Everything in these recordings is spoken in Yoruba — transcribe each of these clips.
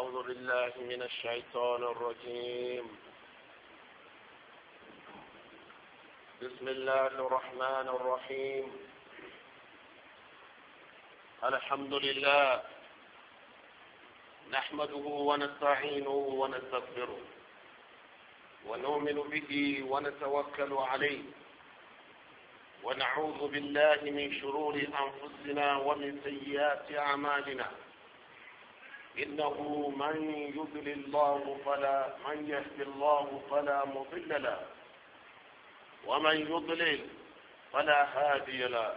أعوذ بالله من الشيطان الرجيم بسم الله الرحمن الرحيم الحمد لله نحمده ونستعينه ونستغفره ونؤمن به ونتوكل عليه ونعوذ بالله من شرور أنفسنا ومن سيئات أعمالنا إنه من يضل الله فلا من يهد الله فلا مضل له ومن يضلل فلا هادي له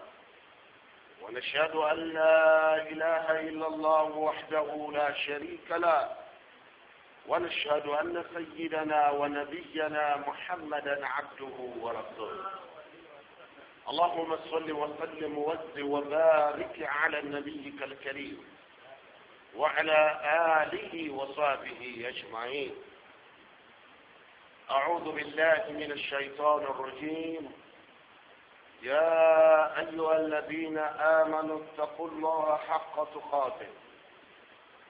ونشهد أن لا إله إلا الله وحده لا شريك له ونشهد أن سيدنا ونبينا محمدا عبده ورسوله اللهم صل وسلم وزد وبارك على نبيك الكريم وعلى آله وصحبه أجمعين أعوذ بالله من الشيطان الرجيم يا أيها الذين آمنوا اتقوا الله حق تقاته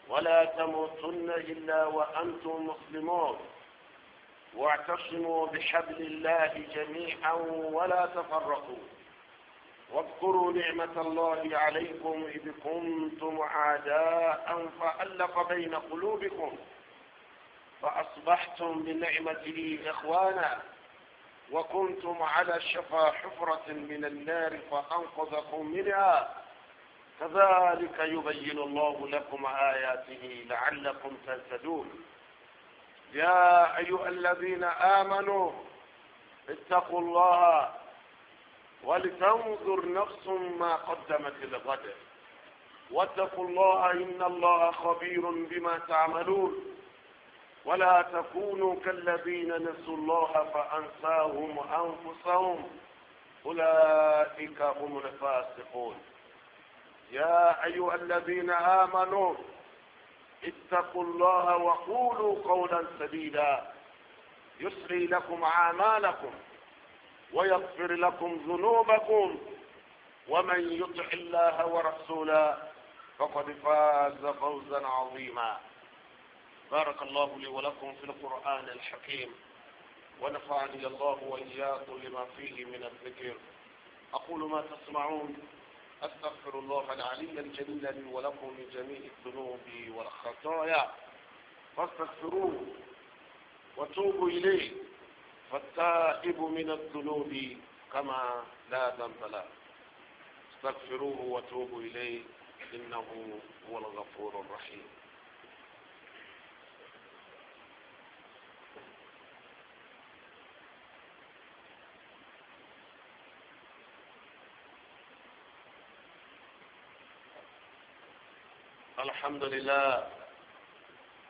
ولا تموتن إلا وأنتم مسلمون واعتصموا بحبل الله جميعا ولا تفرقوا واذكروا نعمة الله عليكم إذ كنتم أعداء فألق بين قلوبكم فأصبحتم بنعمته إخوانا وكنتم على شفا حفرة من النار فأنقذكم منها كذلك يبين الله لكم آياته لعلكم تهتدون يا أيها الذين آمنوا اتقوا الله ولتنظر نفس ما قدمت لغد واتقوا الله إن الله خبير بما تعملون ولا تكونوا كالذين نسوا الله فأنساهم أنفسهم أولئك هم الفاسقون يا أيها الذين آمنوا اتقوا الله وقولوا قولا سديدا يسري لكم أعمالكم ويغفر لكم ذنوبكم ومن يطع الله ورسوله فقد فاز فوزا عظيما بارك الله لي ولكم في القرآن الحكيم ونفعني الله وإياكم لما فيه من الذكر أقول ما تسمعون أستغفر الله العلي الجليل لي ولكم من جميع الذنوب والخطايا فاستغفروه وتوبوا إليه فالتائب من الذنوب كما لا ذنب له استغفروه وتوبوا إليه إنه هو الغفور الرحيم الحمد لله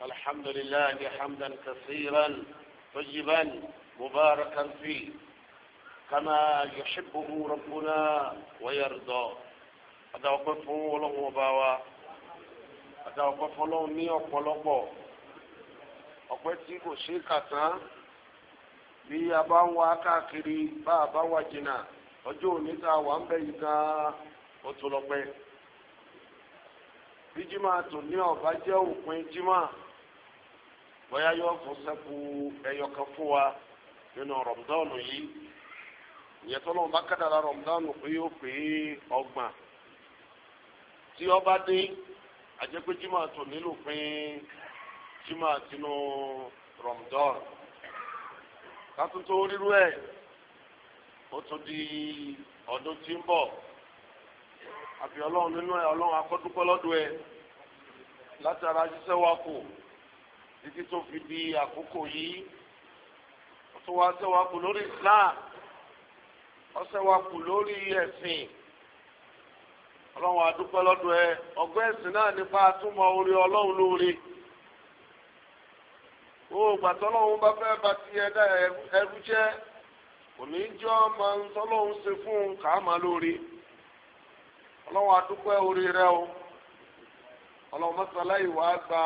الحمد لله حمدا كثيرا طيبا مباركا فيه كما يحبه ربنا ويرضى أدعوكم فلوه وباوا أدعوكم فلوه مي ọ̀pọ̀lọpọ̀ ọpẹ́ tí kò ṣe kà tán bí a bá ń wá káàkiri bá a tó ní òpin jimá bóyá kan fún wa. nínú rọmdánù yìí ìyẹn tó lọ́wọ́ bá kádàrà rọmdánù pé yóò pé ọgbọ̀n tí ó bá dé àjẹpé jimá tó nílò pín jimá tinú rọmdánù kátúntò ríru ẹ̀ ó tún di ọdún tí ń bọ̀ àfi ọlọ́run nínú ẹ̀ ọlọ́run akọ́dúpẹ́ lọ́dọ̀ ẹ̀ látara ṣiṣẹ́ wa kù títí tó fi di àkókò yìí. tó wá sẹ́wà kù lórí Islam ọ̀sẹ̀wà kù lórí ẹ̀sìn ọlọ́run àdúpẹ́ lọ́dọ̀ ẹ ọgbẹ́ ẹ̀sìn náà nípa àtúmọ̀ orí ọlọ́run lóore òògbà tọ́lọ́run bá fẹ́ bá ti ẹ̀dá ẹrú jẹ́ fún un kà á máa lóore ọlọ́run àdúpẹ́ rẹ o ọlọ́run gba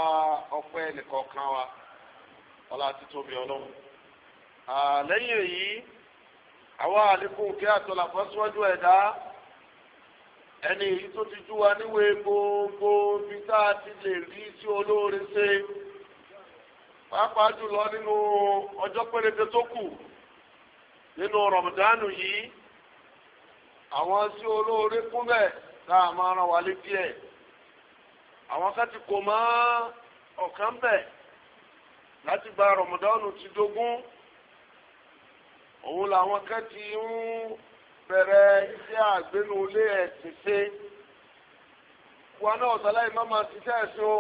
ọpẹ́ wa ọlá lẹ́yìn èyí àwa àlékún kí àtọ̀là fọ́síwájú ẹ̀dá ẹni èyí tó ti jú wa níwé gbogbo bí tá a ti lè rí sí olóore ṣe pàápàá jùlọ nínú ọjọ́ péréte tó kù nínú rọ̀mùdánù yìí àwọn sí olóore kún bẹ́ẹ̀ tá a máa ran wa létí ẹ̀ àwọn ká ti kò mọ́ ọ̀kan bẹ́ẹ̀ láti gba rọ̀mùdánù ti dógún òun làwọn kan ti ń bẹ̀rẹ̀ iṣẹ́ àgbénulé ẹ̀sìn ṣe wọn náà sọláì má máa ṣiṣẹ́ ẹ̀sìn o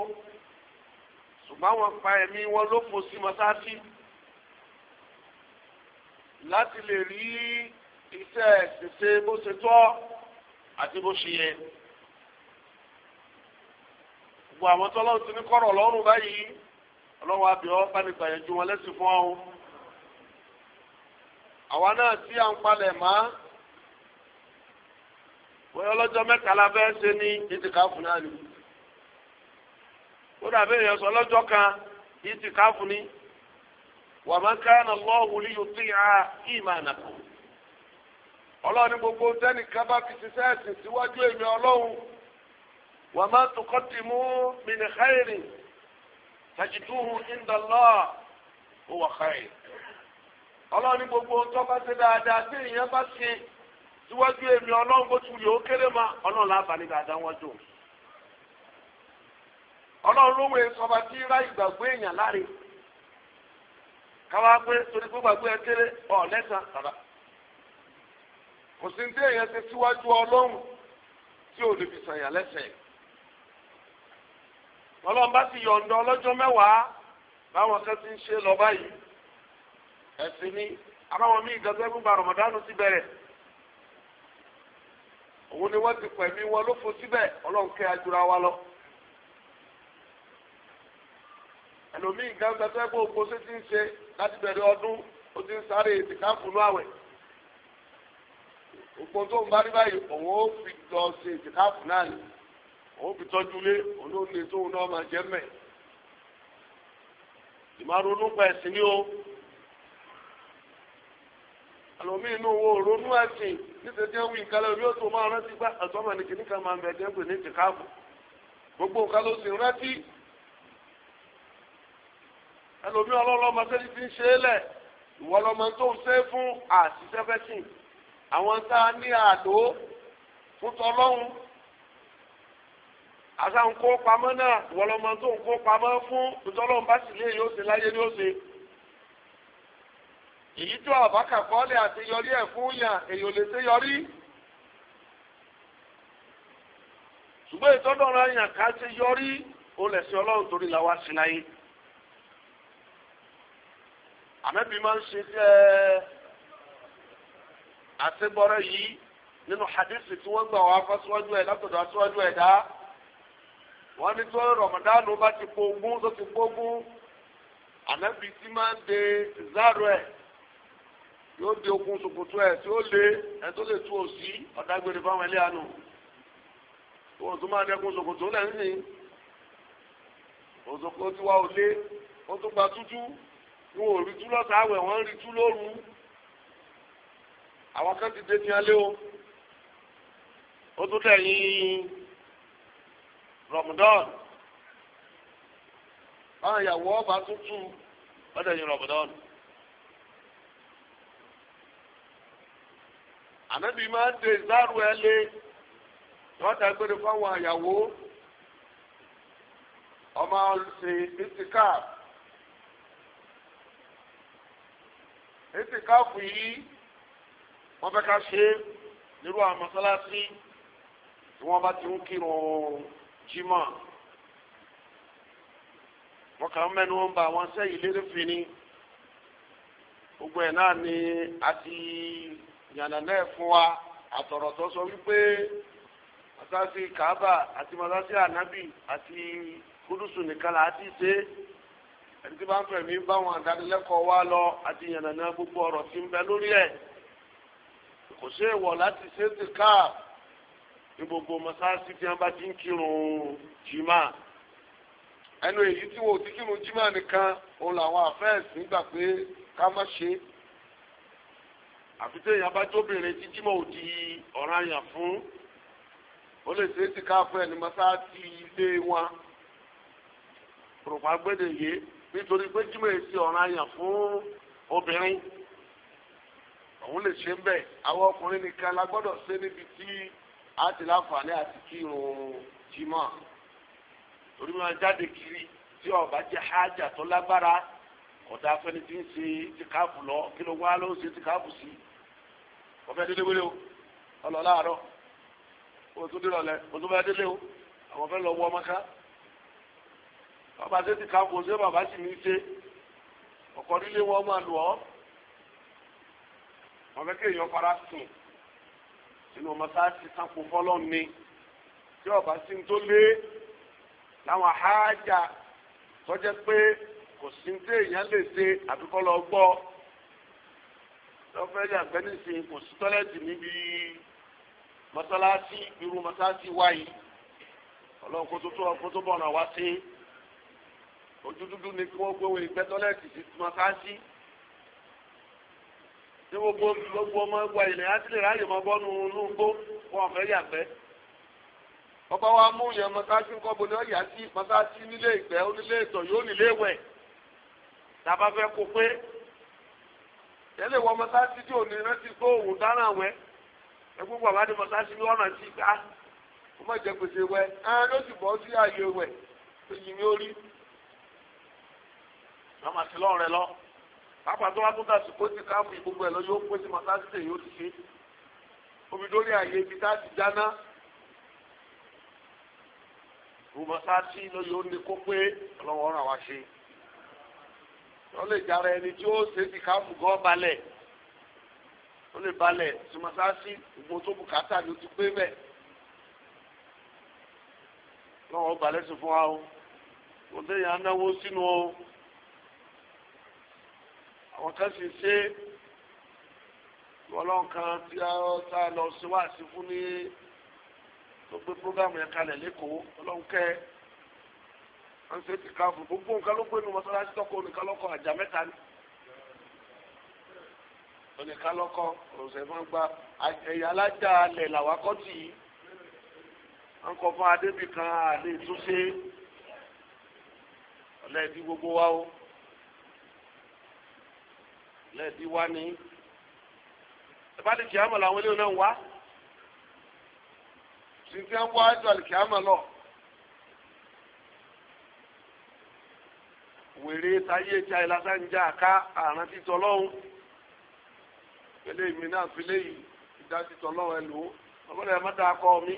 ṣùgbọ́n wọn pa ẹ̀mí wọn ló fò sí mọ́sáàtì láti lè rí iṣẹ́ ẹ̀sìn ṣe bó ṣe tọ́ àti bó ṣe yẹ gbogbo àwọn tọ́lọ́run ti ní kọ́rọ̀ lọ́rùn báyìí ọlọ́run àbí ọ́ bá ní gbàyànjú wọn lẹ́sìn fún ọ́ àwa náà tí à ń palẹ̀ mọ́ bóyá ọlọ́jọ́ mẹ́ta la fẹ́ ṣe ní ìtìkáfù náà ni ó dàbí èèyàn sọ ọlọ́jọ́ kan ìtìkáfù ni wa ma kana Allahu li yuti'a imanakum ọlọ́ọ̀ni gbogbo tẹ́nìkan bá fi ṣiṣẹ́ ẹ̀sìn síwájú èmi ọlọ́run wa ma tuqaddimu min khairin tajiduhu inda Allah huwa khair. ọlọ́run gbogbo ohun bá ṣe dáadáa tí èèyàn bá ṣe síwájú èmi ọlọ́run bó kéré ma ọlọ́run láàbà ní dáadáa jò ọlọ́run ló wẹ̀ sọba tí ra ìgbàgbọ́ èèyàn láre káwá pé torí pé gbàgbọ́ ẹ kéré ọ̀ lẹ́sàn kò sí ní èèyàn ṣe síwájú ọlọ́run tí ò lè fi sànyà ọlọ́run ẹ̀sìn ni aláwọn míì gbàgbé gbogbo àrọ̀mọ̀dánù ti bẹ̀rẹ̀ òun ni wọ́n ti pẹ̀mí wọn ló fo síbẹ̀ ọlọ́run kẹ́ ajura wa lọ. ẹlòmíì gbàgbé gbogbo gbogbo ṣe ti ń ṣe láti bẹ̀rẹ̀ ọdún ó ti ń sáré ìtìkáfù ní àwẹ̀ gbogbo tó ń bá rí báyìí òun ó fi ṣe náà ni òun àlòmí inú wo ronú ẹ̀sìn nítorí wọ́n wí nǹkan lórí òtún máa rántí gbá àtọ́mọ̀ ní kìnnìkà máa ń bẹ̀ jẹ́ pé ní tìkáàbù gbogbo nǹkan ló sì rántí àlòmí ọlọ́lọ́mọ sẹ́ni ti ń ṣe é lẹ̀ ìwọ lọ́mọ tó ń ṣe é fún àṣìṣẹ́fẹ́sìn àwọn tá a ní àdó fún tọlọ́hún àṣà ń kó pamọ́ náà ìwọ lọ́mọ tó ń kó pamọ́ fún tọlọ́hún bá sì lé yóò ṣe láyé ni ó èyí tó àbákà kọ́lẹ̀ àṣeyọrí ẹ̀ fún yàn èyàn lè ṣeyọrí. ṣùgbọ́n ìtọ́dọ̀rọ̀ yàn ká ṣeyọrí ó lè ṣe ọlọ́run torí làwa sí láyé. àmẹ́bí máa ń ṣe jẹ́ àṣebọ́rẹ́ yìí nínú hadith tí wọ́n gbà wá fásiwájú ẹ̀ látọ̀dọ̀ aṣíwájú ẹ̀dá wọ́n ní tó rọ̀mọ̀dánù bá ti pogún tó ti pogún ànábì tí máa ń de zaro ẹ̀ yóò di okun ṣòkòtò ẹ̀ tí ó lé ẹ̀ tó lè tú òsì ọ̀dàgbèrè fáwọn ẹlẹ́ àánú wọn tún máa dẹkun ṣòkòtò lẹ́yìn ní òṣòkò tí wàá ò lé ó tún gba tútú wọn ò rí tú lọ́sàá àwẹ̀ wọ́n ń rí tú lóru àwọn kan ti dé ní alẹ́ o ó tún tẹ̀yìn rọ̀mùdọ́ọ̀nù báwọn ìyàwó ọba tuntun ó tẹ̀yìn rọ̀mùdọ́ọ̀nù. ànábì máa ń de ìzáàrú ẹ lé wọ́n dágbére fáwọn àyàwó ọmọ ṣe itikaf itikaf yìí wọ́n fẹ́ ká ṣe nírú àwọn mọ́sálásí tí wọ́n bá ti ń kírun jímọ̀ wọ́n kàn mẹ́nu ń ba àwọn sẹ́yìn lérè fi ni gbogbo ẹ̀ náà ni a ti ìyànà náà fún wa àtọ̀rọ̀ tó sọ wípé masasi kaaba àti masasi anabi àti kudusu nìkan là á ti ṣe ẹni tí bá ń fẹ̀mí báwọn àdánilẹ́kọ̀ọ́ wa lọ àti ìyànà náà gbogbo ọ̀rọ̀ tí ń bẹ lórí ẹ̀ kò ṣe é wọ̀ láti ṣe é ti káà ní gbogbo mọ́sáàsì tí wọ́n bá ti ń kírun jimá ẹnu èyí tí wọ́n ti kírun jimá nìkan òun làwọn àfẹ́ẹ̀sì gbà pé ká má ṣe àfi tí èèyàn bá jóbìnrin títí mọ̀ òdi ọ̀ràn àyàn fún ó lè ṣe é ti káfọ ẹni mọ́sáàtì ilé wọn pòròpá gbẹ́dẹ̀ yé nítorí pé jímọ̀ èsì ọ̀ràn àyàn fún obìnrin òun lè ṣe ń bẹ̀ àwọn ọkùnrin nìkan la gbọ́dọ̀ ṣe níbi tí a ti láǹfààní àti kírun jímọ̀ torí wọn jáde kiri tí ọba jẹ hájà tó lágbára ọ̀dà afẹ́ni ń ṣe tìkáàfù lọ kí ló wá ló ń ṣe tìkáàfù sí i ọfẹ délé wẹlé o ọlọ láàárọ̀ oṣù dìrọ̀lẹ́ oṣù bá délé o àwọn fẹ́ lọ wọ ọmọ ká bàbá tètè ká kó ṣé bàbá sì ní í ṣe ọkọ nílé wọn máa lù ọ wọn fẹ́ kéèyàn fara sùn sínú ọmọ sáàsì sápò fọlọ́n tí ọba sí ń tó lé láwọn ahájà tọ́jẹ́ pé kò sí ń téèyàn lè ṣe àbíkọ́ lọ gbọ́ lọ́fẹ́ yà gbẹ́ nísìnyí kò sí tọ́lẹ́tì níbi mọ́sálásí irú mọ́sálásí wáyé ọlọ́run kó tó tó ọ kó tó bọ̀ ọ̀nà wá sí ojú dúdú ni kí wọ́n gbówó ìgbẹ́ tọ́lẹ́tì sí mọ́sálásí ní gbogbo gbogbo ọmọ ẹgbẹ́ ilẹ̀ ásílẹ̀ ráàyè máa bọ́ nu inú gbó wọn fẹ́ yà gbẹ́ ọba wa mú yẹn mọ́sálásí ńkọ́ bo ní ọ̀yà sí mọ́sálásí nílé ìgbẹ́ onílé ìtọ̀ yóò nílé ìwẹ̀ tàbá fẹ́ kó pé tẹ́lẹ̀ wọ mọ́sáàsì tí òní rántí kó òun dáná wẹ́ ẹ gbogbo àbá ní mọ́sáàsì ní ọ̀nà tí ká ó má jẹ gbèsè wẹ́ ẹ ló sì bọ́ sí ààyè wẹ̀ tó yìí ní orí lọ́mọ àti lọ́rùn rẹ lọ pápá tó wá tó dàsí kó ti káàmù ìgbogbo ẹ̀ lọ yóò pé sí mọ́sáàsì tẹ̀ yóò ti ṣe omi dórí ààyè ibi tá a ti dáná gbogbo mọ́sáàsì ló yóò ní kó pé ọlọ́wọ́ ọ̀ràn wá ṣe wọ́n lè jára ẹni tí ó ṣe ti káàmù gan balẹ̀ wọ́n lè balẹ̀ sùmọ́sáàsì ìgbọ́n tó bùkátà ló ti pé bẹ́ẹ̀ lọ́wọ́ balẹ̀ sí fún wa o kò déyà náwó sínú o àwọn kan sì ṣe ọlọ́run kan tí a sá lọ síwáàsí fún ní tó gbé prógámù yẹn kalẹ̀ lẹ́kọ̀ọ́ ọlọ́run kẹ́ wọ́n ṣe ti káfù gbogbo nǹkan ló gbé nu mọ́sálásí tọ́kọ nìkan lọ́kọ̀ àjà mẹ́ta ni. onìkan lọ́kọ̀ ọ̀sẹ̀ máa ń gba ẹ̀yà alájà alẹ̀ làwọn akọ́tì yìí wọ́n kọ́ fún adébì kan àlè túnṣe ọ̀lẹ́ẹ̀dì gbogbo wa o ọ̀lẹ́ẹ̀dì wa ni ìbáde kìámà làwọn eléyìí náà wá sí ti ń wá ẹ̀dọ̀ àlìkìámà lọ. wèrè táyé tí àìlásá ń já àká àrùn títọ́ lọ́hùn pẹ̀lú èmi náà fi léyìí ìdá títọ́ lọ́hùn ẹ lò ọgbọ́dọ̀ ẹ má kọ́ mi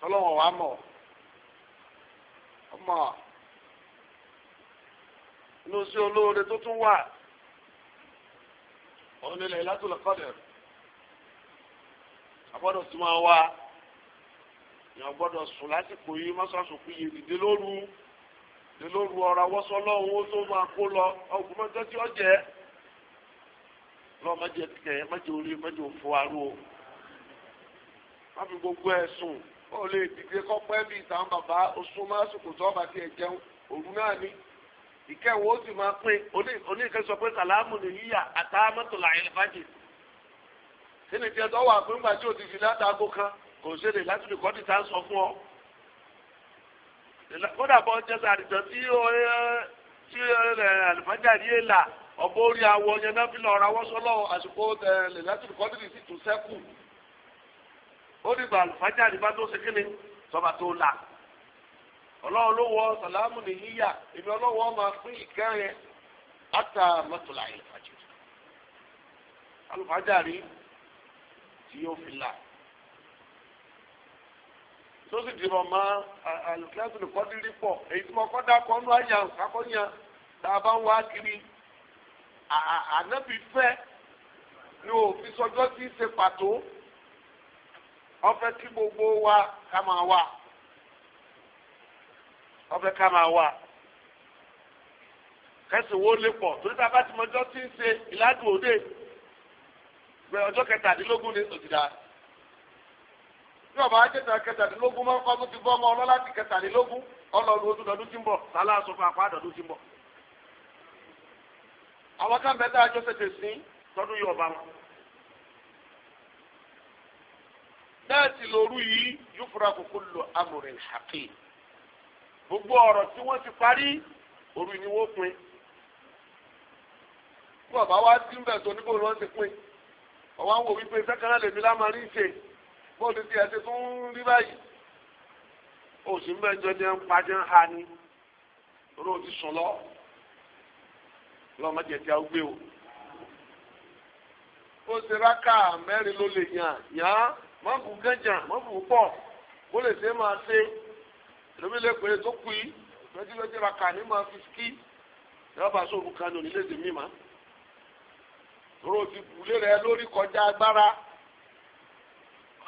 tọ́lọ́wọ̀n wàá mọ̀ ọmọ inú sí olóore tó tún wà òun nílẹ̀ ìlàtúlẹ̀ kọ́dẹ̀ àbọ̀dọ̀ tí wọ́n wá èèyàn gbọ́dọ̀ sùn lásìkò yìí kú ní ló ru ọ̀rọ̀ awọ́sọ lọ́hùn ó tó máa kó lọ ọ̀gùn mọ́tò tí ó jẹ́ lọ́ọ́ má jẹ kẹ̀ má orí má jẹ òfò arú o má fi gbogbo ẹ̀ sùn ó lè dìde kọ́pẹ́ bíi ìtàn bàbá oṣù má sùkùn tó ọba tiẹ̀ jẹun òru náà ni ó sì máa pín oníkẹ́ sọ pé sàlámù yíyà fàjì kí ni tiẹ̀ tó kódà bọ́ jẹ́sà àdìsọ́ tí tí àlùfájàrí èlà ọ̀bọ orí awọ yẹn náà fi lọ́ọ́ rawọ́ sọ́lọ́ àsìkò lẹ́lẹ́tì kọ́dìrì sì tún sẹ́kù ó dìgbà àlùfájàrí bá tó ṣe kíni sọba tó là ọlọ́run ló wọ sàlámù nìyíyà èmi ọlọ́wọ́ máa pín ìkẹrin ata mọ́tòlá àlùfájàrí tí yóò fi là tó sì dìbò mọ àlùkíyàtò lè kọ́dírí pọ̀ èyí tí mo kọ́ dákọ́ nú àyà àkọ́yàn tá a bá ń wá kiri ànábì fẹ́ ni òfin sọjọ́ tí ń ṣe pàtó ọfẹ́ kí gbogbo wa ká máa wà ọfẹ́ ká máa wà kẹsàn-án wo lè pọ̀ torí tá a bá ti mọ ọjọ́ tí ń ṣe ìlàdùn òde ọjọ́ kẹtàdínlógún ni òtítà tí ọba ajẹta kẹtàdínlógún máa ń fa tó ti bọ́ ọmọ ọlọ́lá ti kẹtàdínlógún ọlọ́run oṣù dọ̀dún ti ń bọ̀ sálá aṣọ fún apá dọ̀dún ti ń bọ̀. àwọn kan bẹ tá a jọ ṣẹṣẹ sí tọdún yóò bá wọn. bẹ́ẹ̀ sì lóru yìí yufraku kullu amrin hakim. gbogbo ọ̀rọ̀ tí wọ́n ti parí òru ni wọ́n pin. bí ọba wa ti ń bẹ̀ tó níbo ni wọ́n ti pin. ọ̀wá ń wò wípé sẹ́kẹ̀rẹ́ lèmi lá bóòlù tí ẹ ti tún rí báyìí oṣù mẹ́jọ jẹ ń pa jẹ ń ha ni oró ti sùn lọ lọmọ jẹ ti a gbé o ó ṣe rákà mẹ́rin ló lè yàn yàn má bù gánjà má bù pọ̀ kó lè ṣe máa ṣe lómi lè pèrè tó kú yìí lọ́jọ́lọ́jọ́ rákà ní máa fi kí yọba sóòrùn kan ní onílẹ̀ èdè mímá oró ti bùlé rẹ lórí kọjá agbára.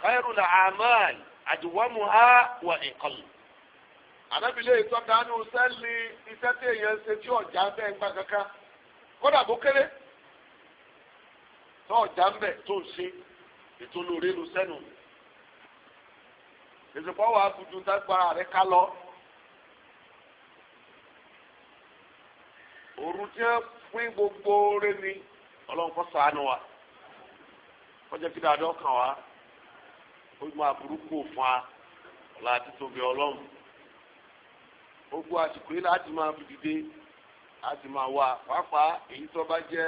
khairul a'mal àdìwọ́muhá wà ìkọlù. ànábìlẹ̀ ìtọ́ka ní sẹ́ẹ̀lì iṣẹ́ tí èèyàn ṣe tí ọ̀já ń bẹ́ ń gbà kankan kódà bó kéré tó ọ̀já ń bẹ̀ tó ń ṣe gbogbo re ni ọlọ́run kọ́ ṣàánú wa kí ó máa fún wa ọ̀la àti tóbi ọlọ́run gbogbo àsìkò yìí láti máa fi dìde láti máa wà pàápàá èyí tó bá jẹ́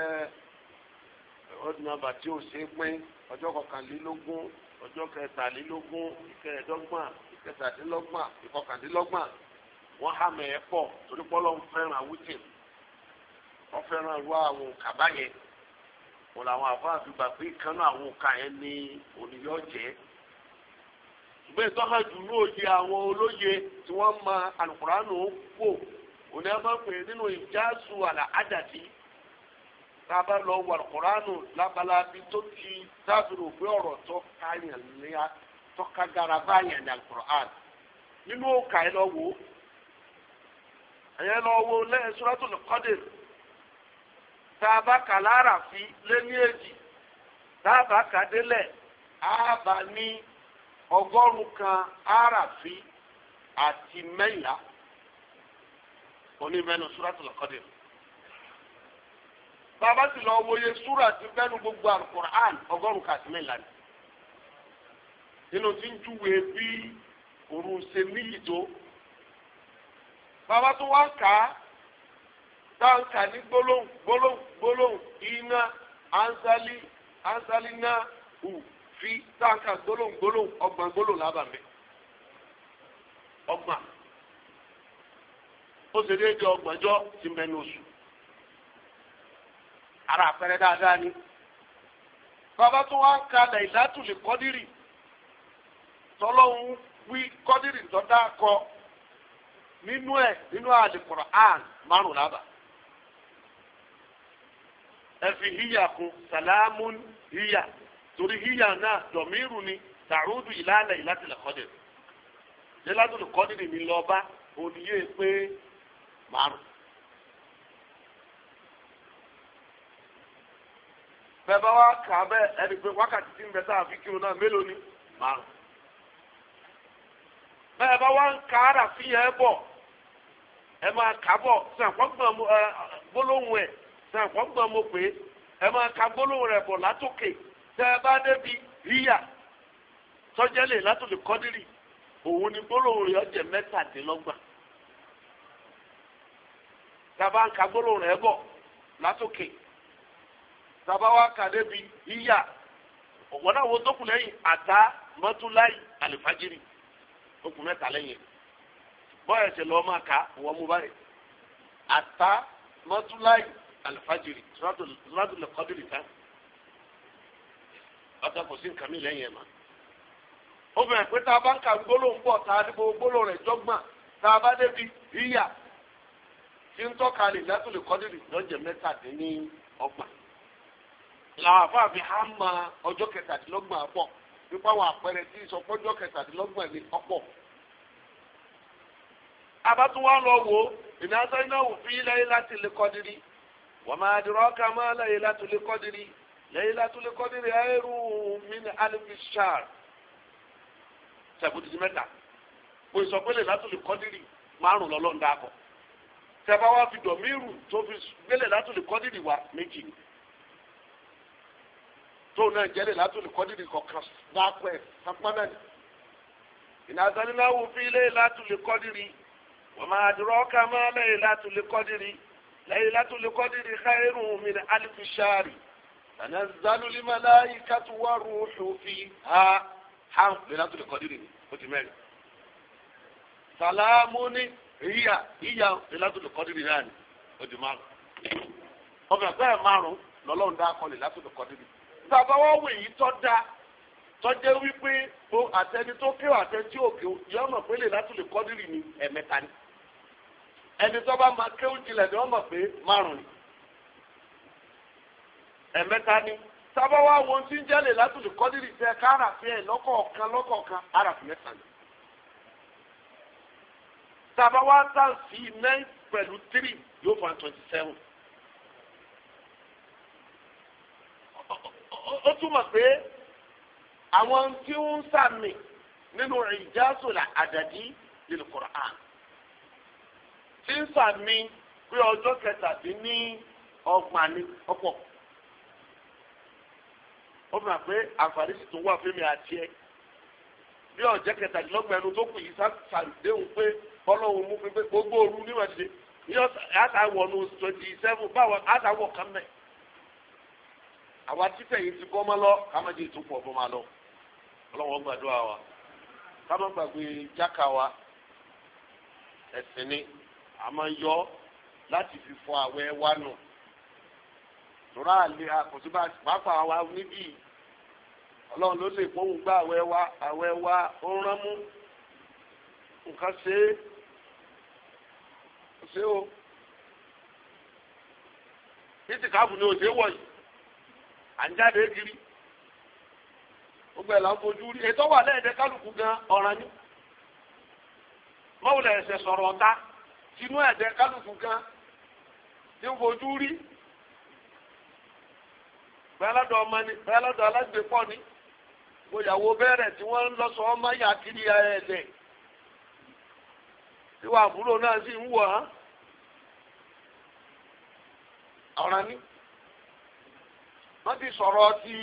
ọdún nàbà tí ò ṣe é pín ọjọ́ kọkànlélógún ọjọ́ kẹtàlélógún ìkẹrẹ̀dọ́gbọ̀n ìkẹtàdínlọ́gbọ̀n ìkọkàndínlọ́gbọ̀n wọ́n há mẹ́ẹ̀ pọ̀ torí pọ́lọ́ ń fẹ́ràn wíkì wọ́n fẹ́ràn irú àwọn òǹkà wọn làwọn àfáà fi gbà pé ìkànnà àwọn òǹkà ní òníyọ́ ṣùgbọ́n ìtọ́ hàn jù ní òye àwọn olóye tí wọ́n mọ alùpùránù wò òní a máa pè nínú ìjáàsù àlà àdàtì tá a bá lọ wọ alùpùránù lábala bí tó ti dábìrò pé ọ̀rọ̀ tọ́ka gara báyàn ní alùpùránù nínú òkà ẹ lọ wò ẹ̀yẹ lọ wo lẹ́yìn Suratul Qadir tá a bá kà lára fi lé ní èjì tá a bá kà délẹ̀ ọgọ́rùn kan àràfin àti mẹ́yà onímẹ́nu súrátù lọ́kọ́dẹ̀. bàbá sì lọ wòye súrà ti bẹ́nu gbogbo alukur'an ọgọ́rùn kan àti mẹ́yà ni. nínú tí ń júwe bí òru ṣe níyì tó. bàbá tó wá kà á táǹkà ní gbólóhùn gbólóhùn gbólóhùn iná ansali ansali náà hù. fi táǹkà gbólóhùn gbólóhùn ọgbọ̀n gbólóhùn lábàmì ọgbọ̀n ó ṣe déédéé ọgbọ̀njọ́ ti mẹ́nu oṣù ara àpẹẹrẹ dáadáa ni bàbá tó wá ń ka lẹ́yìnlátù lè kọ́dírì tọ́lọ́hún wí kọ́dírì tó dáa kọ nínú ẹ̀ nínú àlùkùrọ̀ àn márùn lábà ẹ fi híyà kún sàlámù híyà. torí híyà náà dọ̀míìrù ni tàrúdù ìlànà ìlàtìlẹ̀ kọ́dẹ̀ lẹ́làdùn kọ́dẹ̀ mi lọ bá oníyé pé márùn. bẹ́ẹ̀ bá wá kà á bẹ́ẹ̀ ẹni pé wákàtí tí ń bẹ sáà fi kírun náà mélòó ni márùn. bẹ́ẹ̀ bá wá ń ka ara fi yẹn bọ̀ ẹ máa kà bọ̀ sàǹkọ́gbọ̀n gbólóhùn ẹ̀ sàǹkọ́gbọ̀n mo pè é ẹ máa ka gbólóhùn rẹ̀ bọ̀ látòkè. tẹ́ ẹ bá débi híyà tọ́jẹ́lẹ̀ látòlè kọ́dírì òun ni gbólóhùn rẹ̀ ọjẹ́ mẹ́tàdínlọ́gbà tàbá ń ka gbólóhùn rẹ̀ bọ̀ látòkè tàbá wá ka débi híyà ọ̀wọ́n náà wo tókù lẹ́yìn àtá mọ́túláì àlìfájìrì tókù mẹ́ta lẹ́yìn bọ́ọ̀yà ṣe lọ́ọ́ máa ka wọ́n mú báyìí àtá mọ́túláì àlìfájìrì sọ́dọ̀ lọ́kọ́dírì táyì. ọ̀tọ̀ kò sí nǹkan lẹ́yìn ẹ̀ mà. ó bẹ̀rẹ̀ pé tá a bá ń ka gbólóhùn pọ̀ tá a dìbò gbólóhùn rẹ̀ jọ́gbọ̀n tá a bá débi tí ń tọ́ka lè lọ́jẹ̀ làwọn ma ọjọ́ kẹtàdínlọ́gbọ̀n pọ̀ nípa àwọn àpẹẹrẹ tí ìsọfọ́jọ́ ọ̀pọ̀. lọ wo ìnáṣẹ́ náà fi láyé láti lè wọ́n máa dìrọ́ Laylatul Qadri khairu min alfi shahr sẹ̀kùtì mẹ́ta mo sọ pé Laylatul Qadri márùn lọ́lọ́ ń dà kọ́ tẹ́fà wá fi dọ̀míìrù tó fi gbé Laylatul Qadri wá méjì ni tóun náà jẹ́ Laylatul Qadri kọ̀ọ̀kan dákọ̀ ẹ̀ sápá náà ni ìnàzánilá wò fi Laylatul Qadri wa ma adraka ma Laylatul Qadri Laylatul Qadri khairun min alfi shahr tanazzalu l-malaikatu war-ruhu fiha ha lẹ́nàtò lè kọ́dírì ni ó ti mẹ́rin sàlámù ni ìyá ìyá lẹ́nàtò lè kọ́dírì náà ni ó ti márùn ọbẹ̀ bẹ́ẹ̀ márùn lọ́lọ́run dá akọ lẹ́nàtò lè kọ́dírì bàbá wọn wò yìí tọ́ da tọ́jẹ́ wípé o àtẹni tó kéwà àtẹni òkè yọ mọ̀ pé lẹ́nàtò lè kọ́dírì ni ẹ̀mẹ́ta ni ẹni tó bá máa kéwù jìnlẹ̀ ni wọ́n pé márùn ni ẹ̀mẹ́ta ni sábà wá wọn tí ń jẹ́lẹ̀ látòlù kọ́dírì tẹ káràfì ẹ̀ lọ́kọ̀ọ̀kan lọ́kọ̀ọ̀kan áràfì mẹ́ta ni. sábà wá tàn sí nine pẹ̀lú three yóò fa twenty seven. ó túmọ̀ pé àwọn tí ń sàmì nínú ìjásòlà àdàdí nínú Qur'an tí ń sàmì pé ọjọ́ kẹtàdínní ọgbà ni ọ̀pọ̀ ó fi hàn pé àǹfààní sì tún wà fẹ́mi àti ẹ bí ọ̀jẹ́ kẹtàdínlọ́gbọ̀n ẹnu tó kù yìí sàdéhùn pé ọlọ́run mú pé gbogbo òru níwọ̀n ṣe yọ àtàwọ̀ nù twenty seven báwo àtàwọ̀ kan mẹ́ àwa títẹ̀ yìí ti bọ́ mọ́ lọ kámẹ́jì tó pọ̀ bọ́ máa lọ ọlọ́run gbàdúrà wa kámẹ́ gbàgbé jáka wa ẹ̀sìn ni a máa ń yọ láti fi fọ àwẹ̀ wa nù. No tora àlè àkọsíbà pàápàá wa níbí ọlọ́run ló lè fóun gbá àwẹ̀ wa àwẹ̀ wa ó rán mú nǹkan ṣe é ṣe o títí káàbù ni òṣè wọ̀ yìí à ń jáde kiri gbogbo ẹ̀ là ń fojú rí ètò wà lẹ́ẹ̀dẹ́ kálukú gan ọ̀ràn yín mọ́wùlẹ̀ ẹ̀sẹ̀ sọ̀rọ̀ ọ̀tá tinú ẹ̀dẹ́ kálukú gan ní fojú rí bẹ́ẹ̀ lọ́dọ̀ ọmọ ni bẹ́ẹ̀ lọ́dọ̀ alágbèpọ̀ ni gbòyàwó bẹ́ẹ̀rẹ̀ tí wọ́n ń lọ́sọ ọmọ yà kiri ẹ̀ẹ́dẹ̀ tí wọ́n àbúrò náà sì ń wọ̀ hàn ọ̀ràn ni wọ́n ti sọ̀rọ̀ ti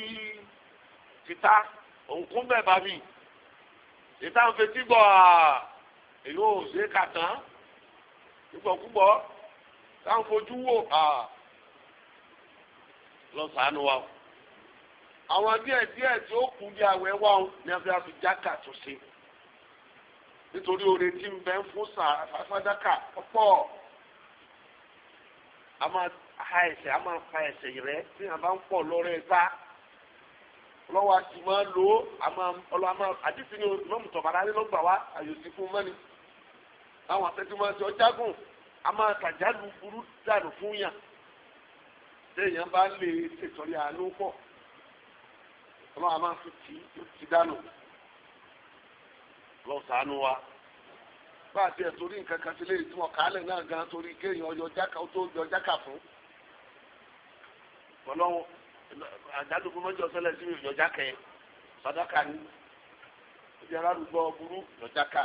tìta òǹkún bẹ́ẹ̀ mi tìta ń fetí gbọ́ èyí ò ṣe é kà táwọn fojú wò lọ́sàánú wa o àwọn díẹ̀ díẹ̀ tí ó kú bí àwẹ̀ wá o ní abẹ́ àfijáka tó ṣe nítorí oore tí ń bẹ ń fún sàfàdákà ọ̀pọ̀ a máa ha ẹsẹ̀ a máa fa ẹsẹ̀ rẹ tí a bá ń pọ̀ lọ́rọ̀ ẹ̀ bá lọ́wọ́ a sì máa lò a máa ọlọ́ a máa àdìsí ni ìmọ̀mù tọ̀bàrà lé lọ́gbà wá àyòsí fún mọ́ni àwọn afẹ́tí máa ṣe ọjágùn a máa tàjálù burú dànù fún yàn téèyàn bá lè ṣètọ́rí àánú pọ̀ ọlọ́run a máa fi tì í ti dánù lọ sànú wa bá a tiẹ̀ torí nǹkan kan ti lè tún ọ̀kà alẹ̀ náà gan torí kéèyàn ọyọ jáka tó yọ jáka fún ọlọ́run àjálù fún mọ́jọ sẹ́lẹ̀ sí yọ jáka yẹn sadaka ni ibi aládùúgbò burú yọ jáka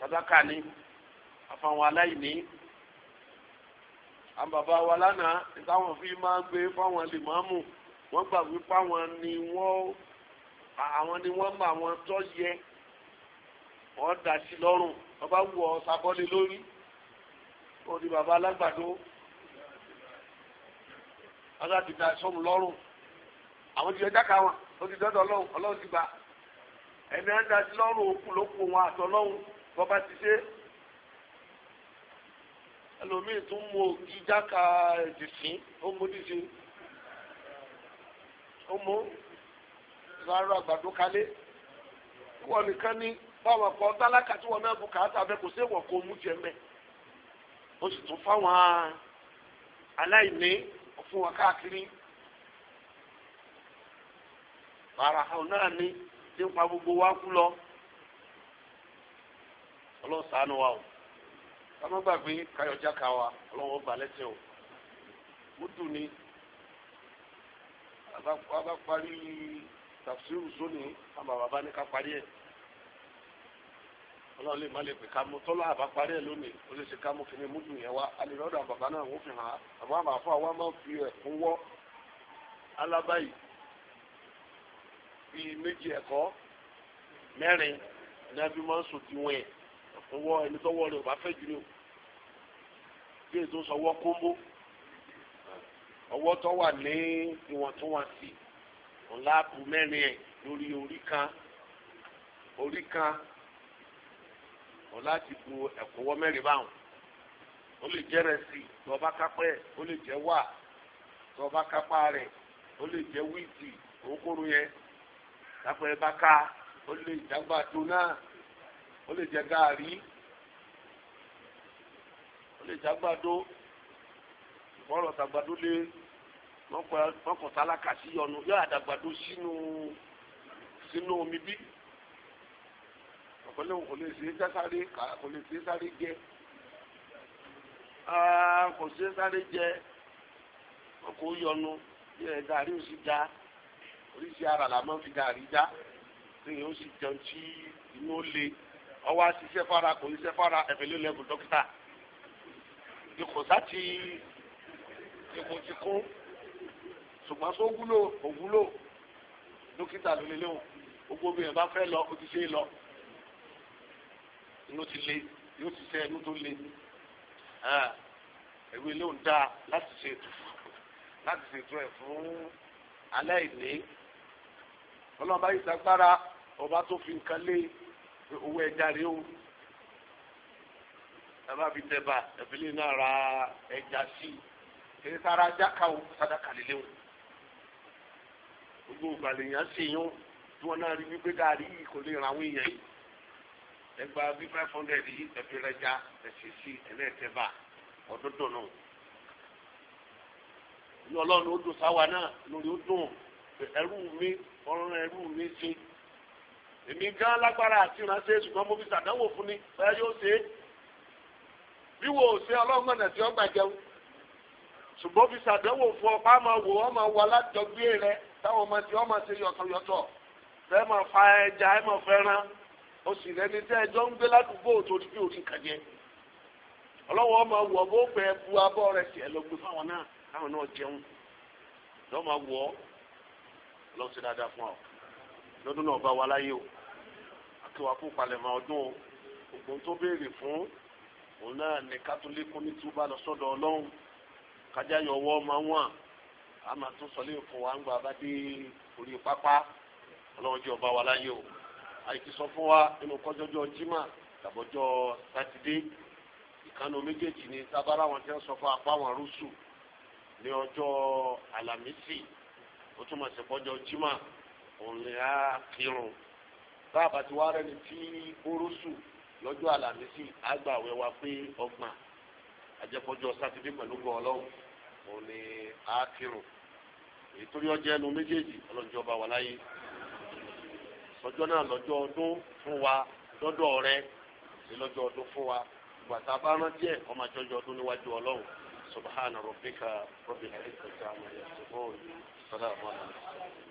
sadaka ni àfàwọn aláìní àwọn bàbá wa lánàá táwọn fi máa ń gbé fáwọn lèmọ́mù wọ́n gbà wípé àwọn ni wọ́n àwọn ni wọ́n mọ àwọn tó yẹ wọ́n dà sí lọ́rùn wọ́n bá wù ọ́ sábọ́lé lórí ó di bàbá alágbàdo ọ̀dà ti sọ́mu lọ́rùn àwọn ti yẹ dáka wọn ó ti dọ́dọ̀ ọlọ́run ọlọ́run ti gbà ẹni á dà sí lọ́rùn òkú ló kù wọn àtọ́ lọ́run bọ́ba ti ṣe é ẹlòmíì tún mú ìjáka ìdìsín ó mú dídín ó mú ìsọ̀rọ̀ àgbàdo kalẹ̀ wọ́n nìkan ní báwọn ọ̀pọ̀ tálákà tí wọ́n náà bu kàátà bẹ́ẹ̀ kò sí ìwọ̀n kó mú jẹ mẹ́ ó sì tún fáwọn aláìní fún wọn káàkiri bàrà àwọn náà ní tí gbogbo wa kú lọ ọlọ́sàn wa o kámá gbàgbé káyọjá ká wa ọlọ́wọ́ bá lẹ́sẹ̀ o mútu ni abá parí tafsiru sóni àmà bàbá ní ká parí ẹ̀ ọlọ́run lè má lè pè ká mú tọ́lá àbá parí ẹ̀ lónìí ó lè ṣe ká mú kíní mútu yẹn wá alèrọ́dọ̀ àbàbá náà wọ́n fi hàn á àmọ́ àmà fún àwa máa ń fi ẹ̀kún wọ́ alábàáyì bíi méjì ẹ̀kọ́ mẹ́rin ní abimọ́sùn ti wọ̀nyẹn owó ẹni tó wọ́ rẹ̀ ò bá fẹ́ jù ní o bí èso sọwọ́ kóńbó ọwọ́ tó wà ní ìwọ̀ntúnwọ̀nsì ńlá bu mẹ́rin ẹ̀ lórí orí kan orí kan ọ̀la ti bu ẹ̀kọ́wọ́ mẹ́rin báwọn ó lè jẹ́ rẹsì tó bá kápẹ́ ẹ̀ ó lè jẹ́ wà tó bá kápá rẹ̀ ó lè jẹ́ wíìtì òkúrú yẹn lápẹ́ bá ká ó lè jágbá tó náà ó lè jẹ gaari ó lè jẹ àgbàdo ìfọ̀rọ̀ tàgbàdo lé mọ́kàn tálákà sí ọ̀nà yóò àdàgbàdo sínú sínú omi bí ọ̀pọ̀lẹ́ kò lè ṣe é sáré kò lè ṣe é sáré jẹ kò ṣe é sáré jẹ ọkọ̀ yọnu yẹ gaari ó sì dá oríṣi ara làmọ́ fi gaari dá lẹ́yìn ó sì jẹun tí inú ó le ọwọ́ àṣìṣe fara kò ṣiṣẹ́ fara ẹ̀fẹ̀lẹ́ lẹ́bù dókítà ikò sáti ikò ti kún ṣùgbọ́n sọ wúlò òwúlò dókítà ló lélẹ́wò gbogbo obìnrin bá fẹ́ lọ ó ti ṣe é lọ inú ti le yóò ti ṣe inú tó le ewé ló ń da láti ṣe ètò láti ṣe ètò ẹ̀ fún aláìní ọlọ́ọ̀bá yìí sagbára ọba tó fi nǹkan lé e owó ẹja rèé o ẹ bá fi tẹ̀bà ẹ̀fílẹ̀ náà ra ẹja sí i kìí sára ajá ká o sadaka lélẹ̀ o gbogbo ìgbàlèyàn ṣe yún tí wọ́n náà rí wípé gàrí yìí kò lè ràn àwọn èèyàn yìí ẹgbà bí five hundred yìí ẹ̀fílẹ̀já ẹ̀sìsì ẹ̀lẹ́tẹ̀bà ọ̀dọ́dọ̀ náà ní ọlọ́run ó dùn sáwa náà lórí ó dùn ẹrú mi ọ̀rọ̀ ẹrú mi ṣe èmi gan lágbára àti ìránṣẹ́ ṣùgbọ́n mo fi ṣàdánwò fún ni báyà yóò ṣe é bí wo ṣe ọlọ́gbọ̀nà tí ọgbà jẹun ṣùgbọ́n fi ṣàdánwò fún ọ pa máa wò ọ máa wọ aládọ́gbé rẹ táwọn ọmọ tí ọ máa ṣe yọ̀tọ̀yọ̀tọ̀ fẹ́ máa fa ẹja ẹ máa fẹ́ rán o sì rẹni tẹ́ ẹjọ́ ń gbé ládùúgbò torí bí òtún kàjẹ́ ọlọ́wọ́ ọ máa wọ̀ bó pẹ́ bu abọ́ rẹ sí ẹ lọ gbé fáwọn náà káwọn náà jẹun lọ́ máa wọ̀ ọ́ lọ́ sí dáadáa fún ọ lọ́dún náà bá wa láyé o àti wàá fún palẹ̀mọ́ ọdún o ògbón tó béèrè fún òun náà ní kátólíkún ní túbà lọ sọ́dọ̀ ọlọ́run kájà yọ ọwọ́ ọmọ wọn a máa tún sọ léèkó wa ń gba bá dé orí pápá ọlọ́run jẹ́ ọba wa láyé o àìsí sọ fún wa nínú kọjọjọ jimá tàbọjọ sátidé ìkànnì méjèèjì ni tábàrà wọn ti ń sọ fún apá wọn rúṣù ní ọjọ́ àlàmísì ó túmọ̀ sí pọ́jọ jimá òun ni a kírun bá a bá ti wá rẹni tí orúsù lọ́jọ́ àlàmísì àgbàwẹ̀ wa pé ọgbọ̀n àjẹpọ̀jọ́ sátidé pẹ̀lú gan ọlọ́run òun ni a kírun ìtorí ọjọ́ ẹnu méjèèjì ọlọ́jọ́ bá wà láyé lọ́jọ́ náà lọ́jọ́ ọdún fún wa lọ́dọ̀ rẹ sí lọ́jọ́ ọdún fún wa gbàtà bá rántí ẹ̀ ọmọ àjọyọ̀ ọdún níwájú ọlọ́run subhana rabbika rabbil izzati amma yasifun salamun alaykum.